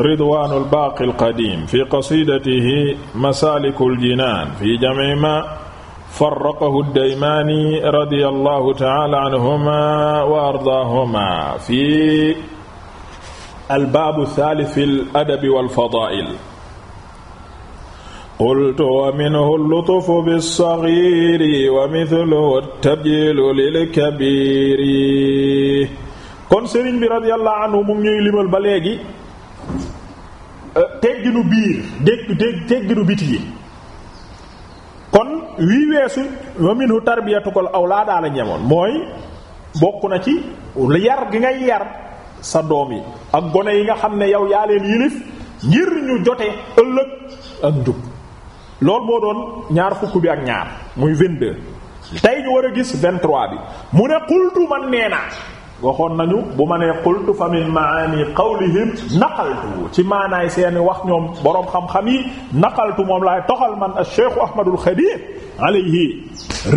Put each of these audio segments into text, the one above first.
ridwanu lbaaqi alqadim fi qasidatihi masaliku aljinan fi jamci ma faraqahu daymaani radia allahu taala anhuma wa ardaahuma fi albaabu thalith fi ladabi walfadaa'il qultu wa minhu llutufu bilsaghiri wa mithluhu tabjilu lilkabiri kon sëriñ bi radiyallahu anhu mu ngi ñuy limal ba léegi tegginu biir dégg dégg tegginu biti yi kon wii weesu wa ko tarbiyatukal awlaa daala ñemoon mooy bokk na ci yar gi ngay yar sa doom yi ak gone yi nga xam ne yow yaa leen yilif ngir ñu jote ëllëg ak njub loolu boo doon ñaar fukk bi ak ñaar muy 22 tey ñu war a gis 23 bi mu ne xultu man nee naa waxoon nañu bu ma nee qultu fa min maani qawlihim naqaltu ci maanaay seeni wax ñoom boroom xam-xam yi naqaltu moom lay toxal man ash-shaykh ahmadul xadim alayhi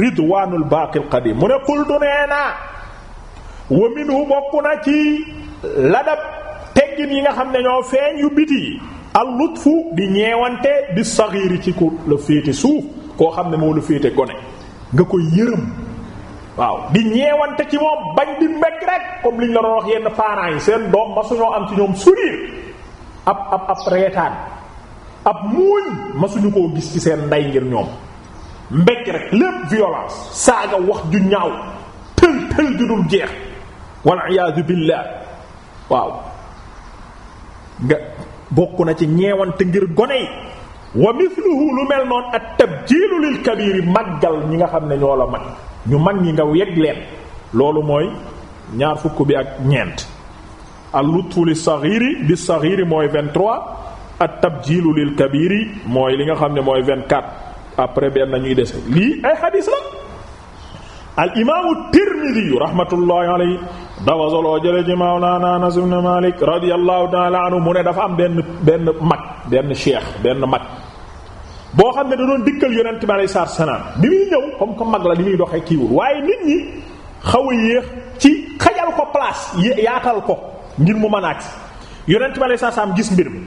ridwanul baaqil qadim mu ne qultu nee naa wa minhu bokk na ci ladab teggin yi nga xam ne ñoo feeñ yu biti yi al lutfu di ñeewante bi saxiiri ci ku la féete suuf koo xam ne moo la féete gone nga koy yërëm waaw di ñeewante ci moom bañ di mbég rek comme liñ la doon wax yenn parents yi seen doom ma suñoo am ci ñoom sourire ab ab ab reetaan ab muuñ ma suñu koo gis ci seen ndey ngir ñoom mbég rek lépp violence saaga wax ju ñaaw tël tël ju dul jeex wal iyaadu billah waaw nga bokk na ci ñeewante ngir gone yi wa mithluhu lu mel noonu at tabjiilu lil kabiri màggal ñi nga xam ne ñoo la mag ñu mag ñi nga yegg leen loolu mooy ñaar fukk bi ak ñeent al lutfu li saghiri bi saghiri mooy 23 at tabjiilu lil kabiri mooy li nga xam ne mooy 24 après benn ñuy dese lii ay xadiis la al imaamu tirmidi rahmatullahi alayhi dafa soloo jële ci mawlaana anas ibn malik radiyallahu taala anhu mu ne dafa am benn benn mag benn cheikh benn mag boo xam ne da doon dikkal yonent bi alayhi salaatu salaam bi muy ñëw comme que mag la li muy doxee kiiwul waaye nit ñi xaw yéex ci xajal ko place yaatal ko ngir mu mën a agsi yonent bi alayhi salaatu gis mbir mi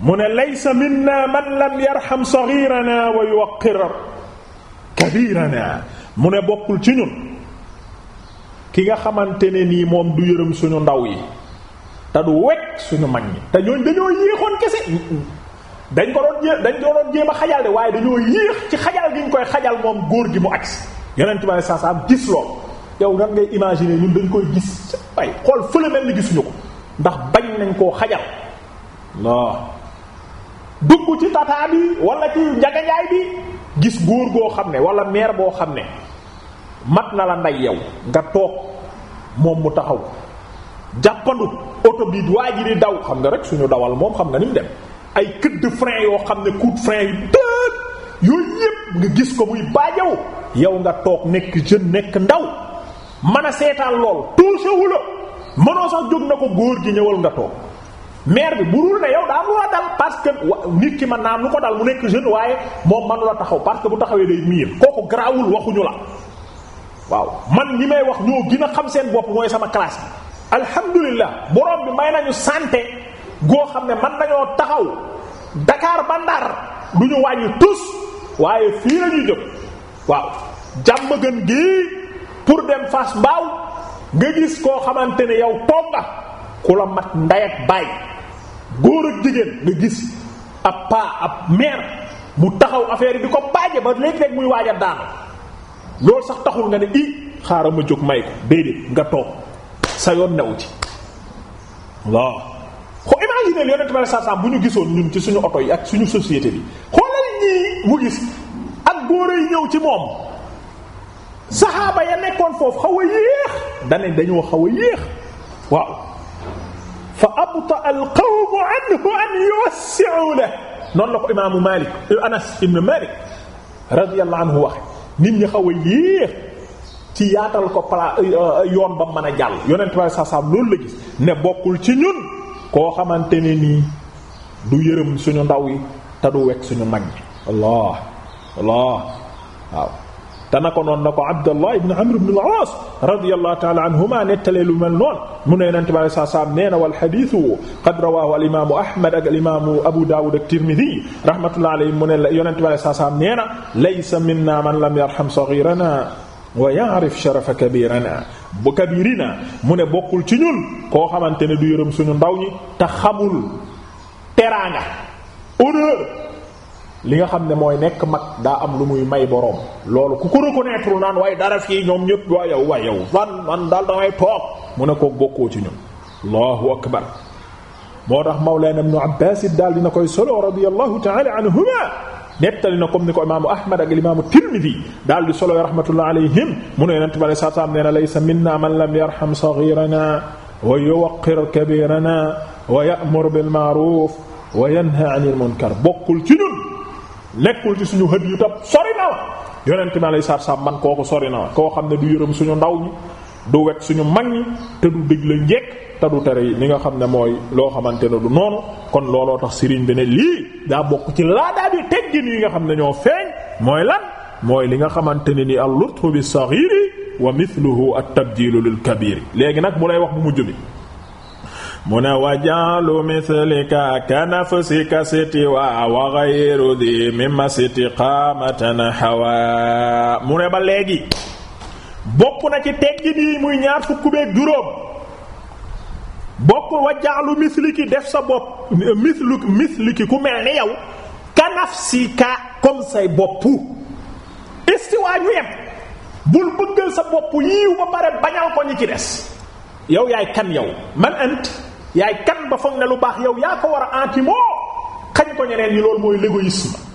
mu ne laysa minna man lam xam saghirana wa yuwaqqir kabirana mu ne bokkul ci ñun ki nga xamante ne nii moom du yërëm suñu ndaw yi te du wekk suñu mag ñi te ñooñ dañoo yéexoon kese dañ ko doon jéem dañ ko doon jéem a xajal de waaye dañoo yéex ci xajal gi ñu koy xajal moom góor gi mu agsi yonent bi saa saa gis loolu yow nan ngay imaginer ñun dañ koy gis ay xool fële mel ni gisuñu ko ndax bañ nañ koo xajal waaw dugg ci tata bi wala ci njaganjaay bi gis góor goo xam ne wala meer boo xam ne mat na la nday yow nga toog moom mu taxaw jàppandu oto bi waa ji di daw xam nga rek suñu dawal moom xam nga ni mu dem. ay këdd frein yoo xam ne coup de frein yu dëët yooyu yépp nga gis ko muy baajaw yow nga toog nekk jeune nekk ndaw mën a seetaan lool touusewu la mënoo sax jóg na ko góor gi ñëwal nga toog maire bi burul ne yow daa mu la dal parce que nit ki mën naan lu ko dal mu nekk jeune waaye moom mënu la taxaw parce que bu taxawee day miir kooku garaawul waxuñu la waaw man ñi may wax ñoo gën a xam seen bopp mooy sama classe bi alhamdulilah borom bi may nañu santé goo xam ne man nañoo taxaw dakaar ba Ndar du ñu wàññi tus waaye fii lañu jëm waaw jàmm gën gii pour dem Fass mbaaw nga gis koo xamante ne yow toog nga ku la mat nday ak baay góor ak jigéen nga gis ab paa ab mère mu taxaw affaire yi di ko baaje ba léeg-léeg muy waaj a daanu loolu sax taxul nga ne i xaaral ma jóg may ko déedéet nga toog sa yoon new ji waaw imaginez yonent bi saa saa bu ñu gisoon ñun ci suñu oto yi ak suñu société bi xoolal ñii mu góor yi ñëw ci moom saxaaba ya xaw a yéex dane dañoo fa abta al qawmu noonu la ko imaamu Malik Anas nit ñi xaw a yéex ci yaatal ko pla yoon ba mën a jàll yonent bi loolu la gis ne bokkul ci ñun ko xamante ne nii du yërëm suñu ndaw yi te du wekk suñu mag ñi allah allah waaw te na ko noonu na ko abdallah ibn amr ibn al-aas radiyallahu anhuma nettalee lu mel noonu mu ne yonente bi alei sat selaam nee na wal xadisu qad rawahu alimaamu ahmad ak alimaamu abu dawud ak tirmidi rahmatullahi alayhi mu ne yonente bi alei sat selaam man lam yarham saghirana wa ya'rif sharafa kabirana bu kabirina mu ne bokkul ci ñun koo xamante ne du yërëm suñu ndaw ñi te xamul teraanga honneur li nga xam ne mooy nekk mag daa am lu muy may boroom loolu ku ko reconnaître naan waaye dara fii ñoom ñëpp waa yow waa yow fan man daal damay toog mu ne ko bokkoo ci ñun allahu akbar moo tax mawlana ibn abbas daal dina koy solo radiyallahu ta'ala anhuma nettali na comme ni ko imaamu ahmad ak imaamu tirmidi daal di solo rahmatullah alayhim mu ne yonent bi alei satu minna man lam yarham saghirana wa yuwaqqir kabirana wa ya'mur bil ma'ruf wa yanha 'anil munkar bokkul ci ñun nekkul ci suñu xët yu tab sori na wa yonent bi alei man kooku sori na koo xam ne du yërëm suñu ndaw ñi du wet suñu mag ñi te du dëj la njekk te du tere yi li nga xam ne mooy loo xamante ne du noonu kon looloo tax sëriñ bi ne lii daa bokk ci laadaa bi teggin yi nga xam ne ñoo feeñ mooy lan mooy li nga xamante ne ni al-lutfu bis wa mithluhu at-tabdilu lil-kabiri léegi nag mu lay wax bu mujj bi mu ne wajalu mithlika ka nafsika sitiwa wa ghayru di mimma sitiqamatan hawa mu ne ba léegi bokk na ci teggin yi muy ñaar fukk beeg juróom bokk wajaalu misliki def sa bopp mislu misliki ku mel ni yow kanafsika kon say bopp istiwaa ñu yem bul bëggal sa bopp yiiw ba pare bañal ko ñi ci des yow yaay kan yow man ant yaay kan ba foog ne lu baax yow yaa ko war a anti moo xañ ko ñeneen ñi loolu mooy l'égoïsme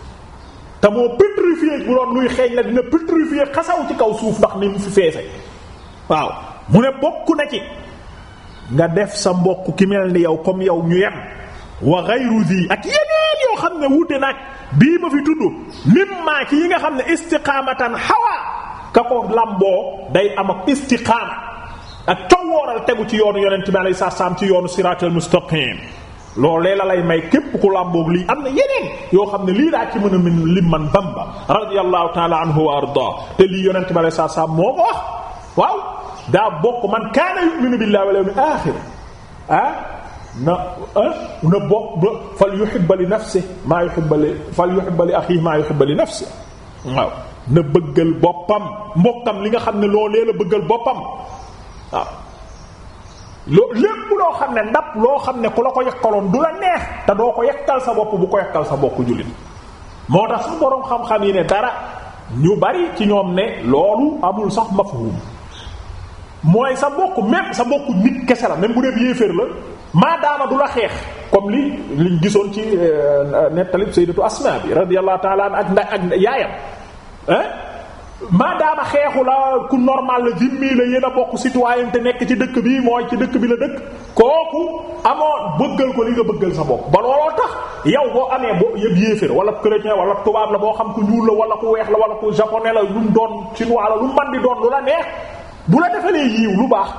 te moo pétrifié bu doon luy xeeñ la dina pétrifié xasaw ci kaw suuf ndax ni mu fi feefe waaw mu ne bokk na ci nga def sa mbokk ki mel ni yow comme yow ñu yem wa ghayru zi ak yeneen yoo xam ne wute nag bii ma fi tudd mimma ci yi nga xam ne istiqaamatan hawa ka ko lamboo day am ak istiqaama ak coowooral tegu ci yoonu yonent bi alayhi salaam ci yoonu siraatal mustaqim loo la lay may képp ku làmboog lii am na yeneen yoo xam ne lii daa ci mën a min lim man bamba radiyallahu taala anhu wa arda te lii yonent bi saa saa moo ko wax waaw daa bokk man kaana yu'minu billahi wal yawmil ah na ah, na bokk ba fal yuhibbu li waaw na bëggal boppam mbokkam li nga xam ne loo la bëggal boppam waaw loo lépp loo xam ne ndab loo xam ne ku la ko yakkaloon du la neex te doo ko yakkal sa bopp bu ko yakkal sa bokk jullit moo tax su boroom xam-xam yi ne dara ñu bari ci ñoom ne loolu amul sax mafhum mooy sa bokk même sa bokk nit kese la même bu dee yéeféer la maadaama du la xeex comme li liñ gisoon ci euh, nettalib sayyidatu asma bi radiyallahu ta'ala ak nda ak yaayam ah daana xeexu la ku normal la jimmi la yéen a bokk citoyen te nekk ci dëkk bi mooy ci dëkk bi la dëkk kooku amoon bëggal ko li nga bëggal sa bopp ba looloo tax yow boo amee boo yëpp yéefér wala chrétien wala tubaab la boo xam ku ñuul la wala ku weex la wala ku japonais la lu mu doon chinois la lu mu di doon lu la neex bu la defalee yiiw lu baax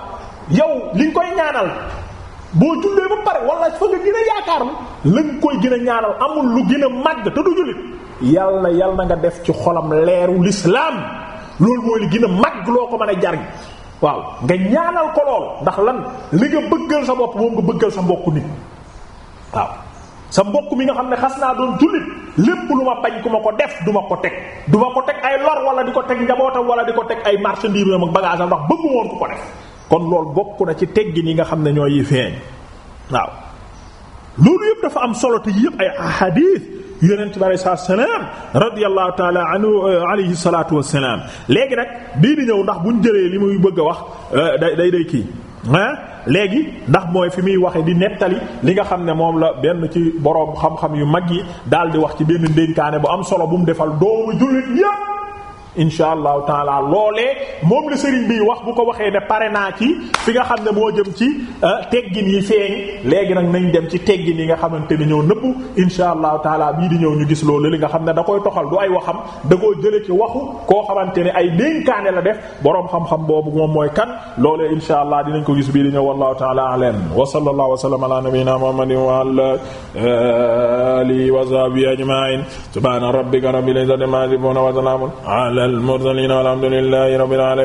yow li nga koy ñaanal boo jullee ba pare wala fa nga gën a yaakaar la nga koy gën a ñaanal amul lu gën a màgg te du yal na yal na nga def ci xolam leeru lislaam loolu mooy li gën mag loo ko mën a jariñ waaw nga ñaanal ko lool ndax lan li nga bëggal sa bopp moom nga bëggal sa mbokku nit waaw sa mbokk mi nga xam ne xas naa doon jullit lépp lu ma bañ ku ma ko def du ma ko teg du ma ko teg ay lor wala di ko teg njabootam wala di ko teg ay marchandise am ak bagage am ndax bëggu woon ku ko def kon loolu bokk na ci teggin yi nga xam ne ñooy yi feeñ waaw loolu yëpp dafa am solo te yonent bi alayhi salaam radiyallahu taala anhu euh, alayhi salaatu wassalaam léegi nag bii di ñëw ndax buñ jëlee li muy bëgg a wax euh, day day day kii léegi ndax mooy fi muy waxe di nettali li nga xam ne moom la benn ci boroom xam-xam yu mag yi daal di wax ci benn ndénkaane bu am solo bu mu defal doomu jullit yépp insha allah taala loolee moom la sëriñ bi wax bu ko waxee ne pare naa ci fi nga xam ne moo jëm ci euh, teggin yi feeñ léegi nag nañ dem ci teggin yi nga xamante ni ñëw nëpp insha allah taala bii di ñëw ñu gis loolu li nga xam ne da koy toxal du ay wax waxam da koo jële ci waxu koo xamante ne ay dénkaane la def boroom xam-xam boobu moom mooy kan loole insha allah dinañ ko gis bii di ñëw wallahu taala alam wa sallallahu wa sallam ala nabiyyina muhammadin wa ala alihi wa sahbihi ajma'in subhana rabbika rabbil izzati amma yasifun alal mursaliin walhamdulillaahi rabbil aalamiin